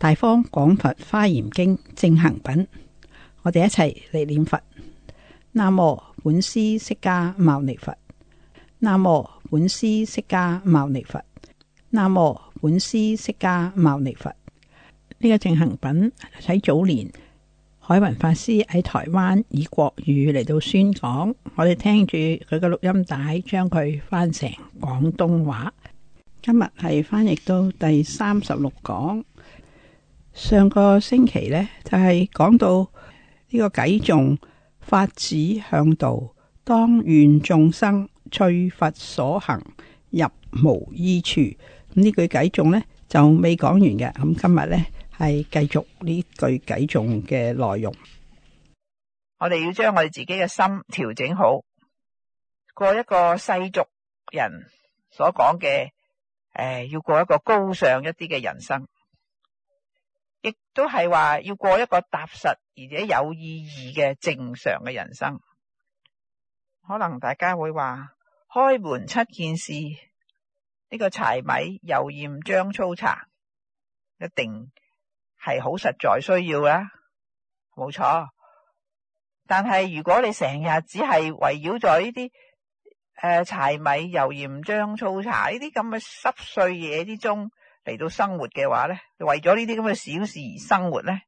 大方廣佛花嚴經正行品，我哋一齊嚟念佛。那麼本師釋迦牟尼佛。那麼本師釋迦牟尼佛。那麼本師釋迦牟尼佛。呢個正行品喺早年海文法師喺台灣以國語嚟到宣講，我哋聽住佢嘅錄音帶，將佢翻成廣東話。今日係翻譯到第三十六講。上個星期咧，就係、是、講到呢個偈頌，法指向道，當願眾生趣佛所行，入無依處。咁呢句偈頌咧，就未講完嘅，咁今日咧係繼續呢句偈頌嘅內容。我哋要將我哋自己嘅心調整好，過一個世俗人所講嘅，誒、呃，要過一個高尚一啲嘅人生。亦都係話要過一個踏實而且有意義嘅正常嘅人生，可能大家會話開門七件事，呢個柴米油鹽醬醋茶一定係好實在需要啦，冇錯。但係如果你成日只係圍繞咗呢啲誒柴米油鹽醬醋茶呢啲咁嘅濕碎嘢之中。嚟到生活嘅話咧，為咗呢啲咁嘅小事而生活咧，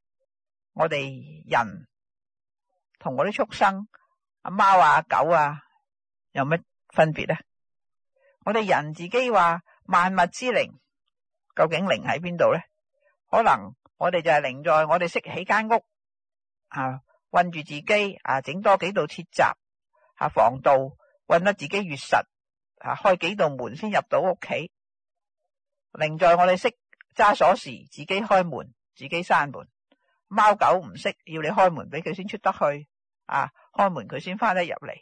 我哋人同我啲畜生，阿貓啊，啊、狗啊，有乜分別咧？我哋人自己話萬物之靈，究竟靈喺邊度咧？可能我哋就係靈在，我哋識起間屋啊，困住自己啊，整多幾道鐵閘啊，防盜困得自己越實啊，開幾道門先入到屋企。另在我哋識揸鎖匙，自己開門、自己閂門。貓狗唔識，要你開門俾佢先出得去。啊，開門佢先翻得入嚟。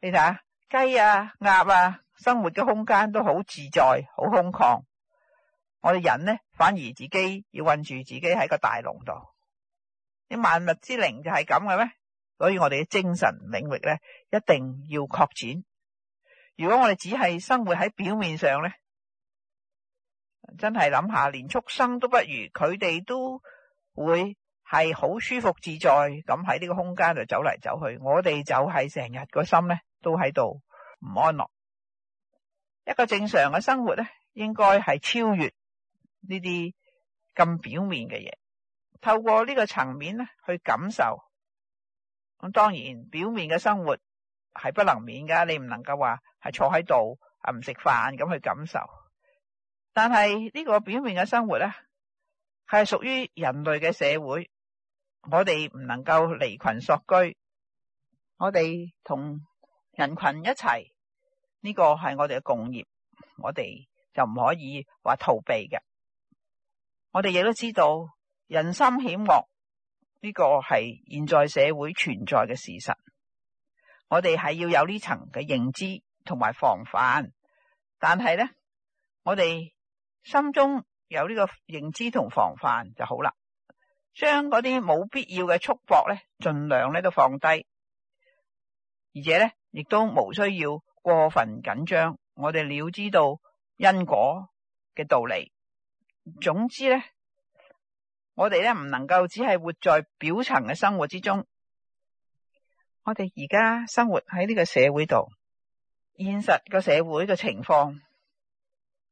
你睇下雞啊、鴨啊，生活嘅空間都好自在、好空曠。我哋人呢，反而自己要韞住自己喺個大籠度。你萬物之靈就係咁嘅咩？所以我哋嘅精神領域呢，一定要擴展。如果我哋只係生活喺表面上呢？真係諗下，連畜生都不如，佢哋都會係好舒服自在，咁喺呢個空間度走嚟走去。我哋就係成日個心咧都喺度唔安樂。一個正常嘅生活咧，應該係超越呢啲咁表面嘅嘢，透過呢個層面咧去感受。咁當然，表面嘅生活係不能免噶，你唔能夠話係坐喺度啊唔食飯咁去感受。但係呢個表面嘅生活咧，係屬於人類嘅社會，我哋唔能夠離群索居，我哋同人群一齊，呢個係我哋嘅共業，我哋就唔可以話逃避嘅。我哋亦都知道人心險惡，呢個係現在社會存在嘅事實，我哋係要有呢層嘅認知同埋防範。但係咧，我哋。心中有呢個認知同防範就好啦，將嗰啲冇必要嘅束縛咧，盡量咧都放低，而且咧亦都冇需要過分緊張。我哋了知道因果嘅道理，總之咧，我哋咧唔能夠只係活在表層嘅生活之中。我哋而家生活喺呢個社會度，現實個社會嘅情況。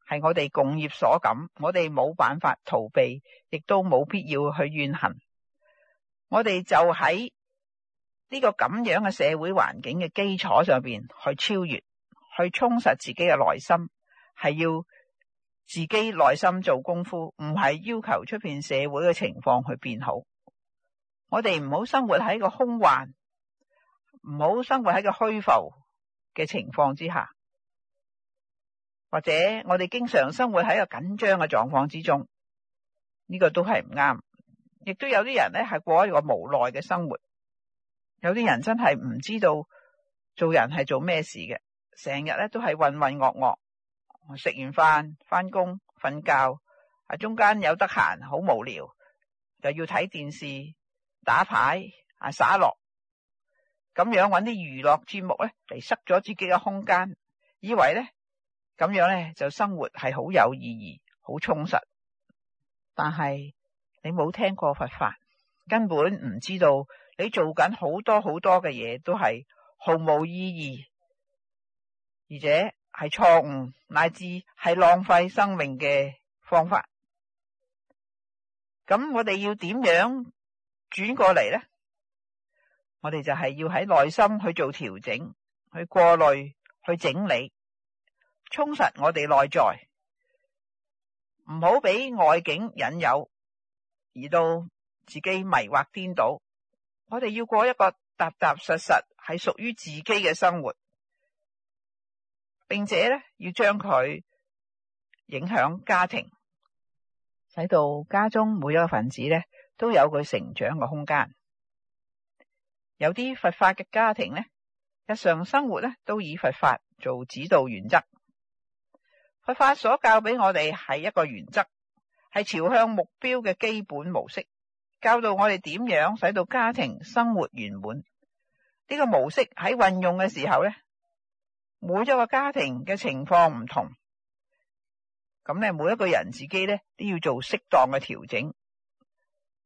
係我哋共業所感，我哋冇辦法逃避，亦都冇必要去怨恨。我哋就喺呢個咁樣嘅社會環境嘅基礎上邊去超越，去充實自己嘅內心，係要自己內心做功夫，唔係要求出邊社會嘅情況去變好。我哋唔好生活喺一個空幻，唔好生活喺個虛浮嘅情況之下。或者我哋經常生活喺一個緊張嘅狀況之中，呢個都係唔啱。亦都有啲人咧係過一個無奈嘅生活，有啲人真係唔知道做人係做咩事嘅，成日咧都係渾渾噩噩，食完飯翻工瞓覺，喺中間有得閒好無聊，又要睇電視、打牌啊耍樂，咁樣揾啲娛樂節目咧嚟塞咗自己嘅空間，以為咧。咁樣咧，就生活係好有意義、好充實。但係你冇聽過佛法，根本唔知道你做緊好多好多嘅嘢都係毫無意義，而且係錯誤，乃至係浪費生命嘅方法。咁我哋要點樣轉過嚟呢？我哋就係要喺內心去做調整、去過濾、去整理。充實我哋內在，唔好俾外境引誘，而到自己迷惑顛倒。我哋要過一個踏踏實實係屬於自己嘅生活，並且咧，要將佢影響家庭，使到家中每一個分子咧都有佢成長嘅空間。有啲佛法嘅家庭咧，日常生活咧都以佛法做指導原則。佛法所教俾我哋係一個原則，係朝向目標嘅基本模式，教到我哋點樣使到家庭生活圓滿。呢個模式喺運用嘅時候咧，每一個家庭嘅情況唔同，咁咧每一個人自己咧都要做適當嘅調整。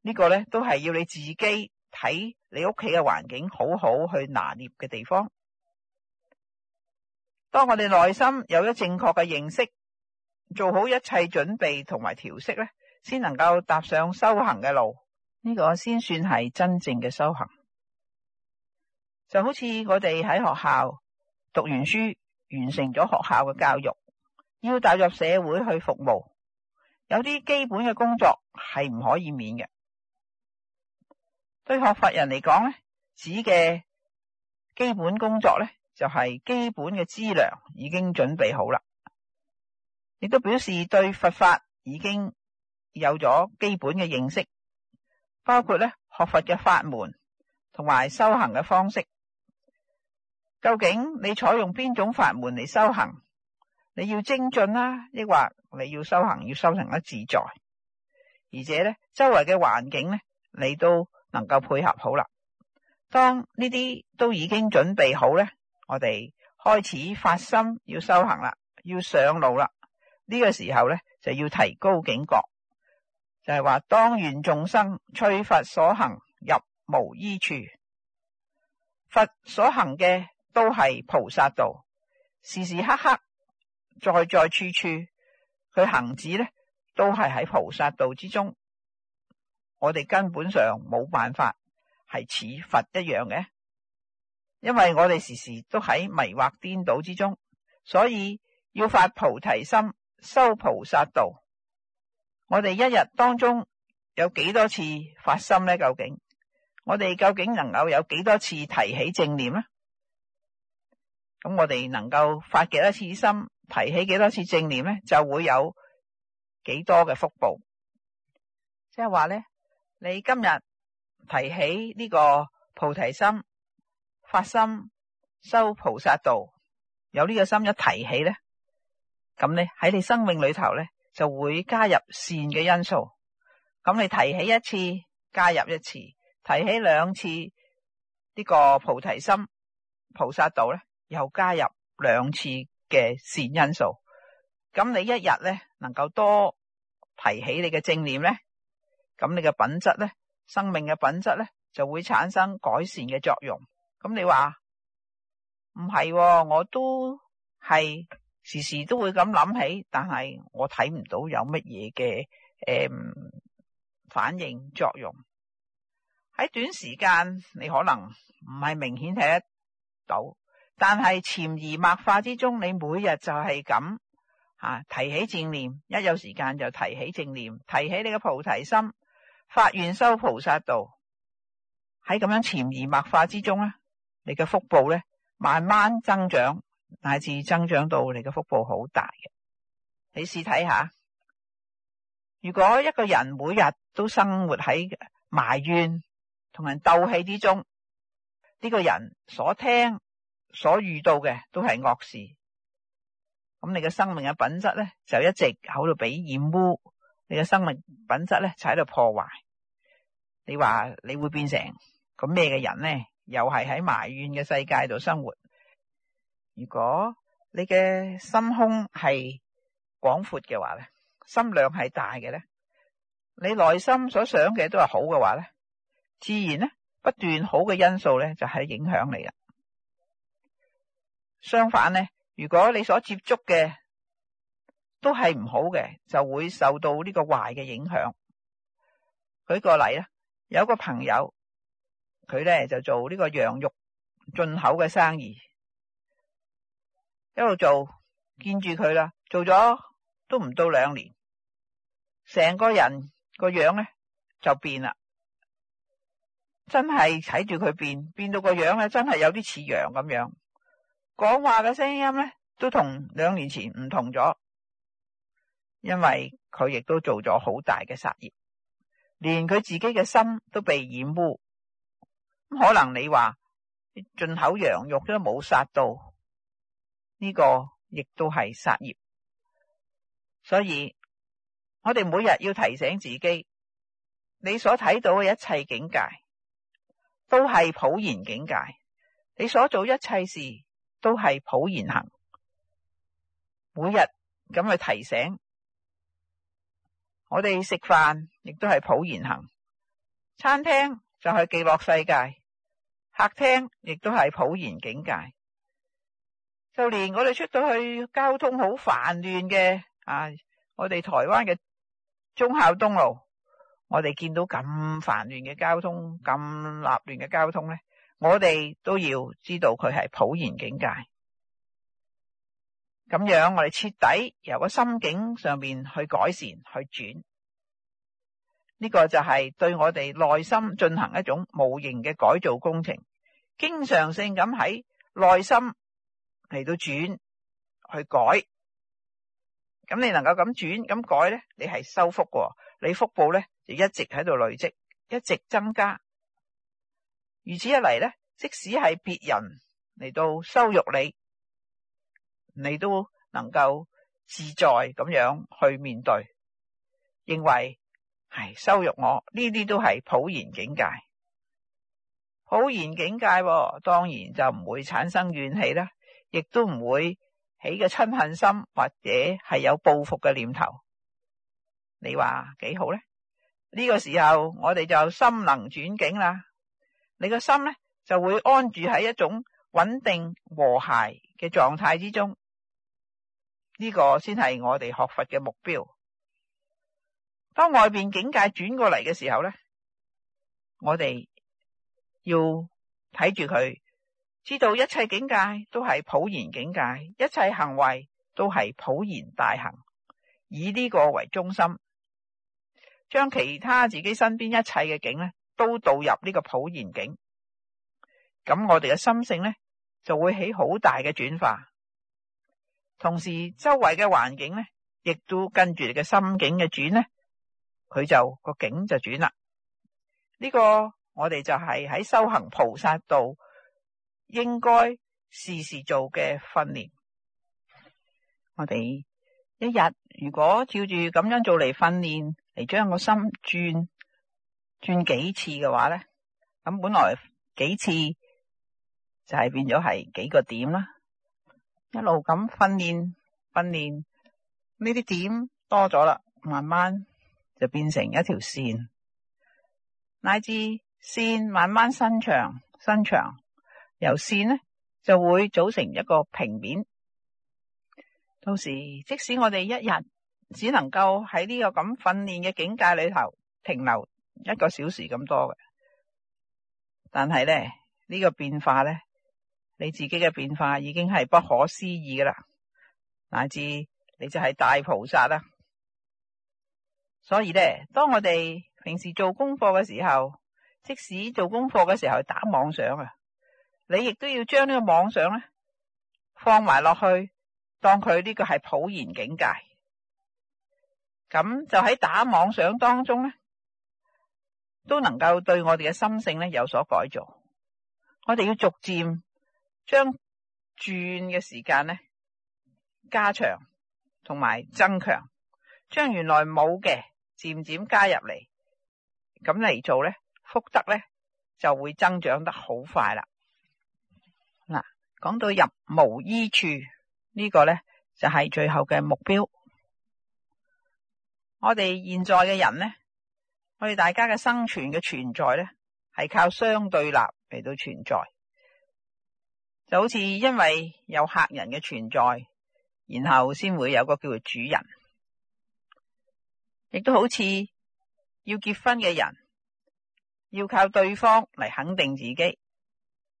呢個咧都係要你自己睇你屋企嘅環境，好好去拿捏嘅地方。當我哋內心有咗正確嘅認識，做好一切準備同埋調息咧，先能夠踏上修行嘅路，呢個先算係真正嘅修行。就好似我哋喺學校讀完書，完成咗學校嘅教育，要踏入社會去服務，有啲基本嘅工作係唔可以免嘅。對學佛人嚟講咧，指嘅基本工作咧，就係基本嘅資糧已經準備好啦，亦都表示對佛法已經有咗基本嘅認識，包括咧學佛嘅法門同埋修行嘅方式。究竟你採用邊種法門嚟修行，你要精進啦，抑或你要修行要修行得自在，而且咧周圍嘅環境咧你都能夠配合好啦。當呢啲都已經準備好咧。我哋開始發心要修行啦，要上路啦。呢個時候咧就要提高警覺，就係話當願，眾生趨佛所行入無依處，佛所行嘅都係菩薩道，時時刻刻在在處處佢行止咧都係喺菩薩道之中。我哋根本上冇辦法係似佛一樣嘅。因為我哋時時都喺迷惑顛倒之中，所以要發菩提心，修菩薩道。我哋一日當中有幾多次發心呢？究竟我哋究竟能夠有幾多次提起正念呢？咁我哋能夠發幾多次心，提起幾多次正念呢？就會有幾多嘅福報。即係話呢，你今日提起呢個菩提心。發心修菩薩道，有呢個心一提起咧，咁咧喺你生命裏頭咧就會加入善嘅因素。咁你提起一次，加入一次；提起兩次，呢個菩提心、菩薩道咧又加入兩次嘅善因素。咁你一日咧能夠多提起你嘅正念咧，咁你嘅品質咧，生命嘅品質咧就會產生改善嘅作用。咁你話唔係，我都係時時都會咁諗起，但係我睇唔到有乜嘢嘅，誒反應作用。喺短時間你可能唔係明顯睇得到，但係潛移默化之中，你每日就係咁，啊、提起正念，一有時間就提起正念，提起你嘅菩提心，發願修菩薩道。喺咁樣潛移默化之中咧。你嘅腹部咧，慢慢增長，乃至增長到你嘅腹部好大嘅。你試睇下，如果一個人每日都生活喺埋怨、同人鬥氣之中，呢個人所聽、所遇到嘅都係惡事，咁你嘅生命嘅品質咧，就一直喺度俾染污。你嘅生命品質咧，就喺度破壞。你話你會變成咁咩嘅人咧？又係喺埋怨嘅世界度生活。如果你嘅心胸係廣闊嘅話咧，心量係大嘅咧，你內心所想嘅都係好嘅話咧，自然咧不斷好嘅因素咧就係影響你啦。相反咧，如果你所接觸嘅都係唔好嘅，就會受到呢個壞嘅影響。舉個例啦，有個朋友。佢咧就做呢個羊肉進口嘅生意，一路做見住佢啦，做咗都唔到兩年，成個人樣呢個樣咧就變啦，真係睇住佢變，變到個樣咧，真係有啲似羊咁樣。講話嘅聲音咧都同兩年前唔同咗，因為佢亦都做咗好大嘅殺業，連佢自己嘅心都被染污。可能你話進口羊肉都冇殺到，呢個亦都係殺業。所以，我哋每日要提醒自己，你所睇到嘅一切境界，都係普賢境界；你所做一切事，都係普賢行。每日咁去提醒，我哋食飯亦都係普賢行，餐廳就係極樂世界。客廳亦都係普賢境界，就連我哋出到去交通好煩亂嘅啊，我哋台灣嘅忠孝東路，我哋見到咁煩亂嘅交通，咁立亂嘅交通呢，我哋都要知道佢係普賢境界。咁樣我哋徹底由個心境上面去改善去轉，呢個就係對我哋內心進行一種無形嘅改造工程。經常性咁喺內心嚟到轉去改，咁你能夠咁轉咁改咧，你係修福喎，你福報咧就一直喺度累積，一直增加。如此一嚟咧，即使係別人嚟到羞辱你，你都能夠自在咁樣去面對，認為係羞辱我呢啲都係普賢境界。好言境界、啊，當然就唔會產生怨氣啦，亦都唔會起個嗔恨心或者係有報復嘅念頭。你話幾好呢？呢、呢個時候我哋就心能轉境啦，你個心呢就會安住喺一種穩定和諧嘅狀態之中。呢、呢個先係我哋學佛嘅目標。當外邊境界轉過嚟嘅時候呢，我哋。要睇住佢，知道一切境界都係普賢境界，一切行為都係普賢大行。以呢個為中心，將其他自己身邊一切嘅境呢都導入呢個普賢境。咁我哋嘅心性呢就會起好大嘅轉化。同時周圍嘅環境呢亦都跟住你嘅心境嘅轉呢佢就、這個境就轉啦。呢、這個。我哋就係喺修行菩薩道應該時時做嘅訓練。我哋一日如果照住咁樣做嚟訓練，嚟將個心轉轉幾次嘅話咧，咁本來幾次就係變咗係幾個點啦。一路咁訓練訓練，呢啲點多咗啦，慢慢就變成一條線，乃至。線慢慢伸長，伸長，由線呢就會組成一個平面。到時即使我哋一日只能夠喺呢個咁訓練嘅境界裏頭停留一個小時咁多嘅，但係咧呢個變化咧你自己嘅變化已經係不可思議噶啦，乃至你就係大菩薩啦。所以咧，當我哋平時做功課嘅時候，即使做功課嘅時候打妄想啊，你亦都要將呢個妄想咧放埋落去，當佢呢個係普賢境界。咁就喺打妄想當中咧，都能夠對我哋嘅心性咧有所改造。我哋要逐漸將轉嘅時間咧加長，同埋增強，將原來冇嘅漸漸加入嚟，咁嚟做咧。福德咧就會增長得好快啦。嗱，講到入無依處、這個、呢個咧就係、是、最後嘅目標。我哋現在嘅人咧，我哋大家嘅生存嘅存在咧係靠相對立嚟到存在，就好似因為有客人嘅存在，然後先會有個叫做主人，亦都好似要結婚嘅人。要靠對方嚟肯定自己，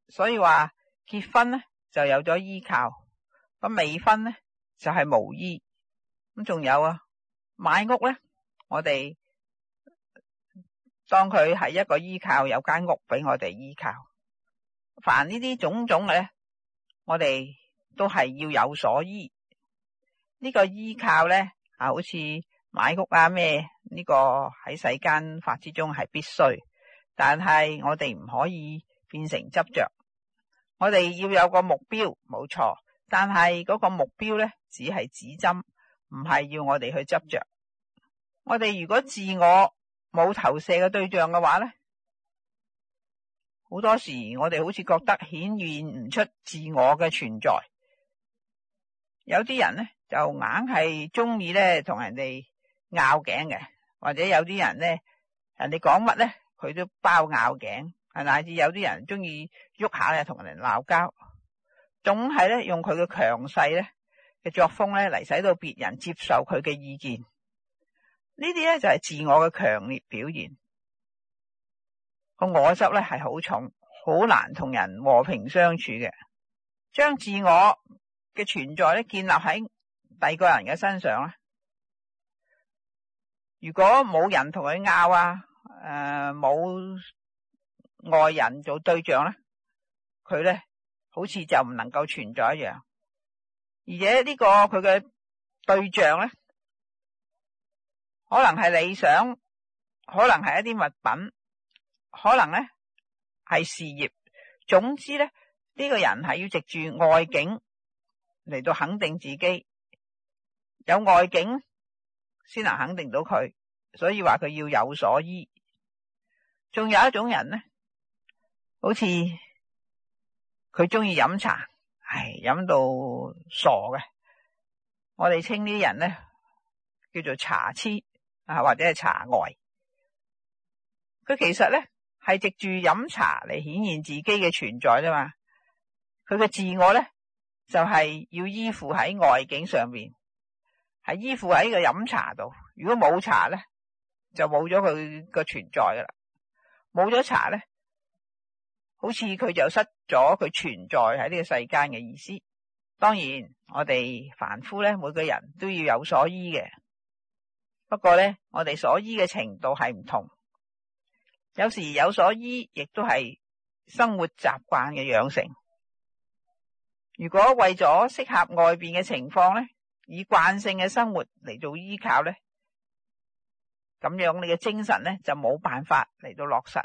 所以話結婚咧就有咗依靠。咁未婚咧就係無依咁，仲有啊買屋咧，我哋當佢係一個依靠，有間屋俾我哋依靠。凡呢啲種種嘅咧，我哋都係要有所依。呢個依靠咧啊，好似買屋啊咩呢個喺世間法之中係必須。但係我哋唔可以變成執著，我哋要有個目標，冇錯。但係嗰個目標咧，只係指針，唔係要我哋去執著。我哋如果自我冇投射嘅對象嘅話咧，好多時我哋好似覺得顯現唔出自我嘅存在。有啲人咧就硬係中意咧同人哋拗頸嘅，或者有啲人咧，人哋講乜咧？佢都包拗頸，啊，乃至有啲人中意喐下咧，同人鬧交，總係咧用佢嘅強勢咧嘅作風咧嚟使到別人接受佢嘅意見，呢啲咧就係自我嘅強烈表現，個我執咧係好重，好難同人和平相處嘅，將自我嘅存在咧建立喺第二個人嘅身上啦，如果冇人同佢拗啊！誒，冇、呃、外人做對象咧，佢咧好似就唔能夠存在一樣。而且呢個佢嘅對象咧，可能係理想，可能係一啲物品，可能咧係事業。總之咧，呢、這個人呢個人係要籍住外境嚟到肯定自己，有外境先能肯定到佢。所以話佢要有所依。仲有一種人咧，好似佢中意飲茶，唉，飲到傻嘅。我哋稱呢啲人咧叫做茶痴啊，或者係茶外。佢其實咧係藉住飲茶嚟顯現自己嘅存在啫嘛。佢嘅自我咧就係、是、要依附喺外境上邊，係依附喺個飲茶度。如果冇茶咧，就冇咗佢個存在噶啦。冇咗茶咧，好似佢就失咗佢存在喺呢個世間嘅意思。當然，我哋凡夫咧，每個人都要有所依嘅。不過咧，我哋所依嘅程度係唔同。有時有所依，亦都係生活習慣嘅養成。如果為咗適合外邊嘅情況咧，以慣性嘅生活嚟做依靠咧。咁樣你嘅精神咧就冇辦法嚟到落實，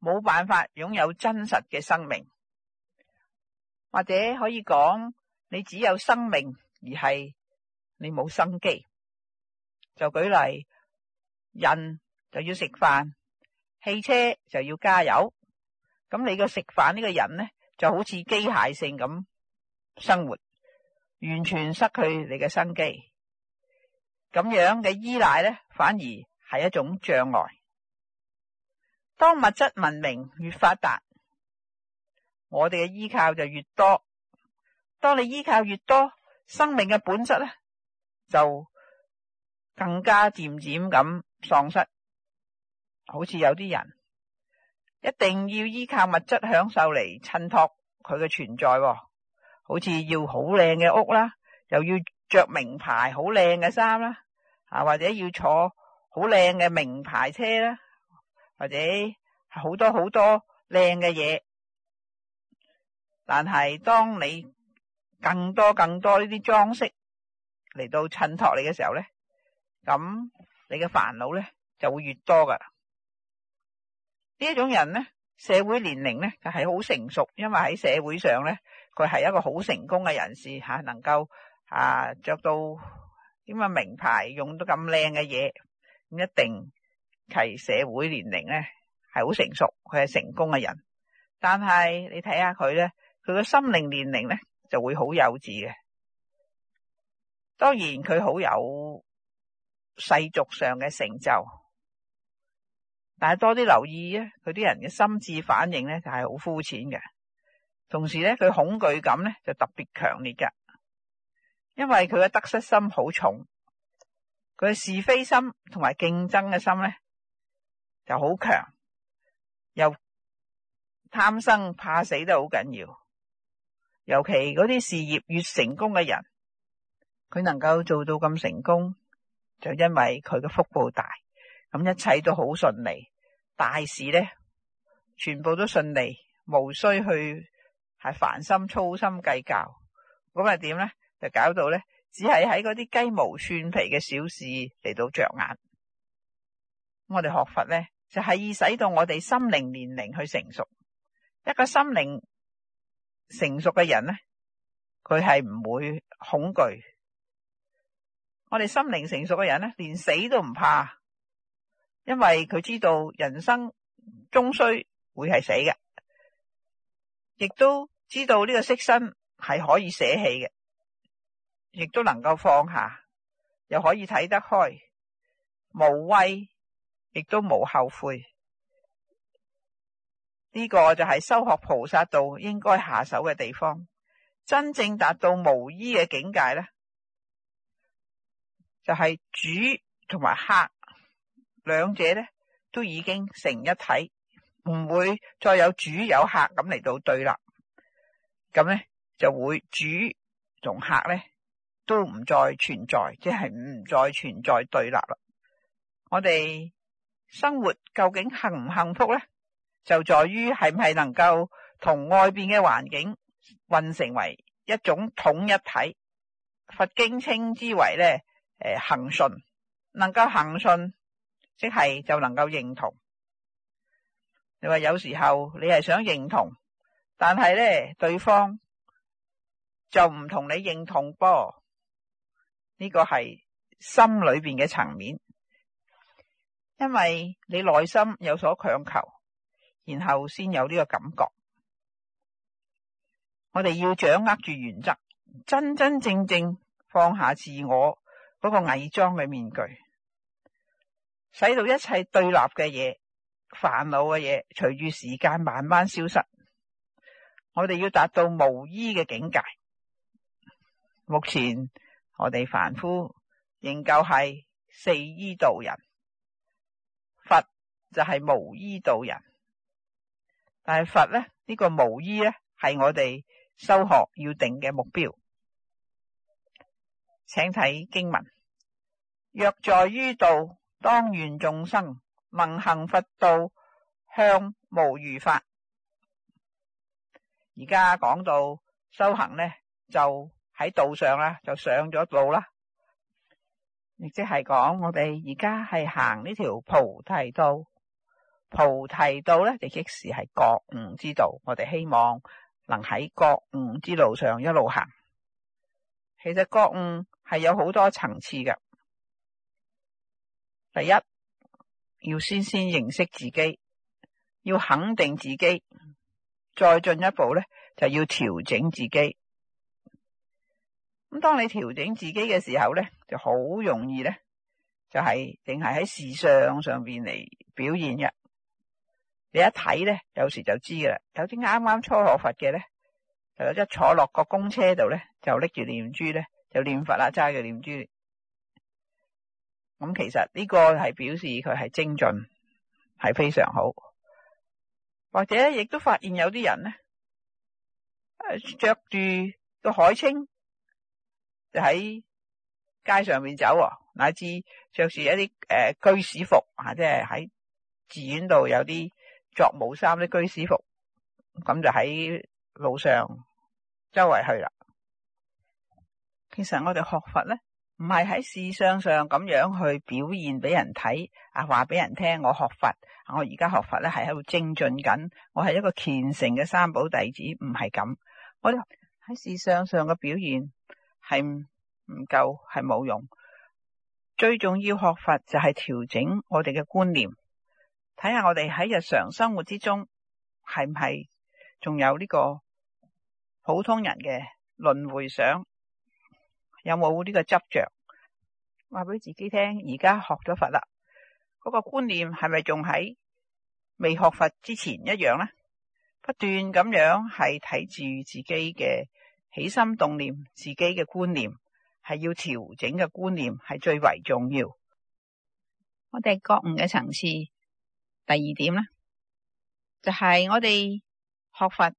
冇辦法擁有真實嘅生命，或者可以講你只有生命而係你冇生機。就舉例，人就要食飯，汽車就要加油。咁你個食飯呢個人咧，就好似機械性咁生活，完全失去你嘅生機。咁樣嘅依賴咧，反而。係一種障礙。當物質文明越發達，我哋嘅依靠就越多。當你依靠越多，生命嘅本質咧就更加漸漸咁喪失。好似有啲人一定要依靠物質享受嚟襯托佢嘅存在，好似要好靚嘅屋啦，又要着名牌好靚嘅衫啦，啊或者要坐。好靚嘅名牌車啦，或者好多好多靚嘅嘢。但係當你更多更多呢啲裝飾嚟到襯托你嘅時候咧，咁你嘅煩惱咧就會越多噶呢一種人咧，社會年齡咧係好成熟，因為喺社會上咧佢係一個好成功嘅人士吓，能夠啊着到點啊名牌，用到咁靚嘅嘢。一定係社會年齡咧，係好成熟，佢係成功嘅人。但係你睇下佢咧，佢個心靈年齡咧就會好幼稚嘅。當然佢好有世俗上嘅成就，但係多啲留意咧，佢啲人嘅心智反應咧就係好膚淺嘅。同時咧，佢恐懼感咧就特別強烈㗎，因為佢嘅得失心好重。佢嘅是非心同埋競爭嘅心咧，就好強，又貪生怕死都好緊要。尤其嗰啲事業越成功嘅人，佢能夠做到咁成功，就因為佢嘅福報大，咁一切都好順利，大事咧全部都順利，無需去係煩心操心計較。咁啊點咧就搞到咧。只係喺嗰啲雞毛蒜皮嘅小事嚟到着眼我哋學佛咧就係以使到我哋心靈年齡去成熟。一個心靈成熟嘅人咧，佢係唔會恐懼。我哋心靈成熟嘅人咧，連死都唔怕，因為佢知道人生終須會係死嘅，亦都知道呢個色身係可以捨棄嘅。亦都能夠放下，又可以睇得開，無畏，亦都無後悔。呢個就係修學菩薩道應該下手嘅地方。真正達到無依嘅境界咧，就係主同埋客兩者咧都已經成一體，唔會再有主有客咁嚟到對立。咁咧就會主同客咧。都唔再存在，即係唔再存在對立啦。我哋生活究竟幸唔幸福呢？就在於係唔係能夠同外邊嘅環境混成為一種統一體。佛經稱之為咧，誒，恆順，能夠恆順，即係就能夠認同。你話有時候你係想認同，但係咧對方就唔同你認同噃。呢個係心裏邊嘅層面，因為你內心有所強求，然後先有呢個感覺。我哋要掌握住原則，真真正正放下自我嗰個偽裝嘅面具，使到一切對立嘅嘢、煩惱嘅嘢，隨住時間慢慢消失。我哋要達到無依嘅境界，目前。我哋凡夫仍舊係四醫道人，佛就係無醫道人。但係佛咧呢個無醫咧係我哋修學要定嘅目標，請睇經文：若在於道，當願眾生聞行佛道，向無餘法。而家講到修行咧，就。喺道上啦，就上咗路啦。亦即係講，我哋而家係行呢條菩提道，菩提道咧就即時係覺悟之道。我哋希望能喺覺悟之路上一路行。其實覺悟係有好多層次嘅。第一，要先先認識自己，要肯定自己，再進一步咧就要調整自己。咁當你調整自己嘅時候咧，就好容易咧，就係淨係喺事相上邊嚟表現嘅。你一睇咧，有時就知噶啦。有啲啱啱初學佛嘅咧，就有一坐落個公車度咧，就拎住念珠咧，就念佛啦、啊，揸住念珠。咁其實呢個係表示佢係精進，係非常好。或者亦都發現有啲人咧，著住個海青。就喺街上面走，乃至着住一啲誒居士服啊，即係喺寺院度有啲作務衫啲居士服，咁就喺路上周圍去啦。其實我哋學佛咧，唔係喺事相上咁樣去表現俾人睇啊，話俾人聽我學佛，我而家學佛咧係喺度精進緊，我係一個虔誠嘅三寶弟子，唔係咁。我哋喺事相上嘅表現。係唔夠，係冇用。最重要學佛就係調整我哋嘅觀念，睇下我哋喺日常生活之中係唔係仲有呢個普通人嘅輪迴想，有冇呢個執着？話俾自己聽，而家學咗佛啦，嗰個觀念係咪仲喺未學佛之前一樣呢？不斷咁樣係睇住自己嘅。起心動念，自己嘅觀念係要調整嘅觀念係最為重要。我哋覺悟嘅層次，第二點咧，就係、是、我哋學佛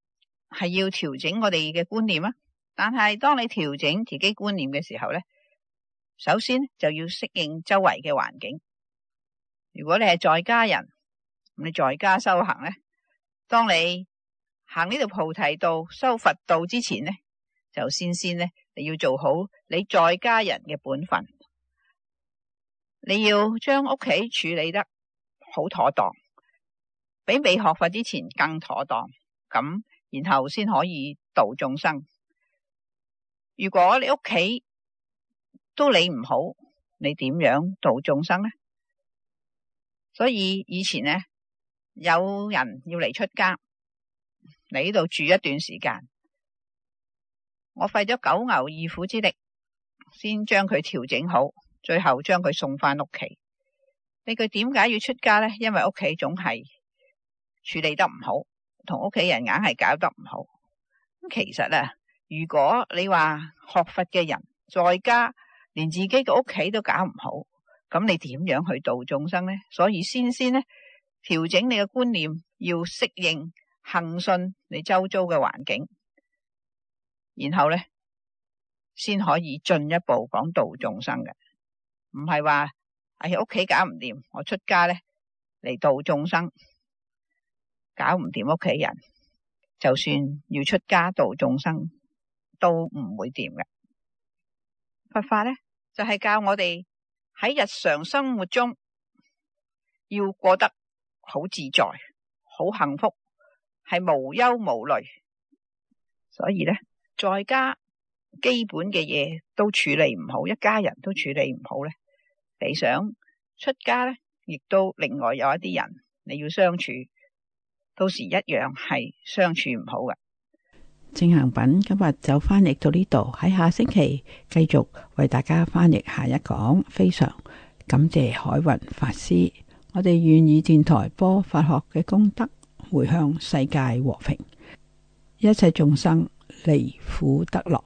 係要調整我哋嘅觀念啊。但係當你調整自己觀念嘅時候咧，首先就要適應周圍嘅環境。如果你係在家人，你在家修行咧，當你行呢條菩提道，修佛道之前咧，就先先咧，你要做好你在家人嘅本分，你要將屋企處理得好妥當，比未學佛之前更妥當咁，然後先可以度眾生。如果你屋企都理唔好，你點樣度眾生呢？所以以前呢，有人要嚟出家，嚟呢度住一段時間。我費咗九牛二虎之力，先將佢調整好，最後將佢送翻屋企。你佢點解要出家呢？因為屋企總係處理得唔好，同屋企人硬係搞得唔好。其實啊，如果你話學佛嘅人在家連自己嘅屋企都搞唔好，咁你點樣去度眾生呢？所以先先呢，調整你嘅觀念，要適應、恆順你周遭嘅環境。然後咧，先可以進一步講度眾生嘅，唔係話喺屋企搞唔掂，我出家咧嚟度眾生，搞唔掂屋企人，就算要出家度眾生，都唔會掂嘅。佛法咧就係教我哋喺日常生活中要過得好自在、好幸福，係無憂無慮，所以咧。在家基本嘅嘢都處理唔好，一家人都處理唔好呢，你想出家呢，亦都另外有一啲人你要相處，到時一樣係相處唔好嘅。正行品今日就翻譯到呢度，喺下星期繼續為大家翻譯下一講。非常感謝海雲法師，我哋願意電台播法學嘅功德，回向世界和平，一切眾生。離苦得樂，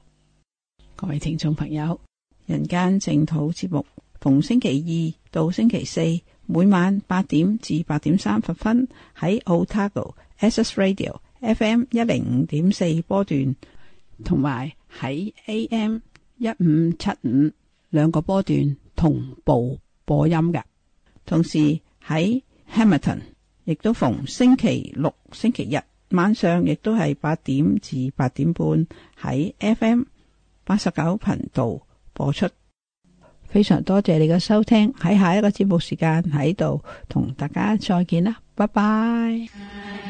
各位聽眾朋友，人間淨土節目逢星期二到星期四，每晚八點至八點三十分喺 Otago S S Radio F M 一零五點四波段，同埋喺 A M 一五七五兩個波段同步播音嘅，同時喺 Hamilton 亦都逢星期六、星期日。晚上亦都係八點至八點半喺 FM 八十九頻道播出。非常多謝你嘅收聽，喺下一個節目時間喺度同大家再見啦，拜拜。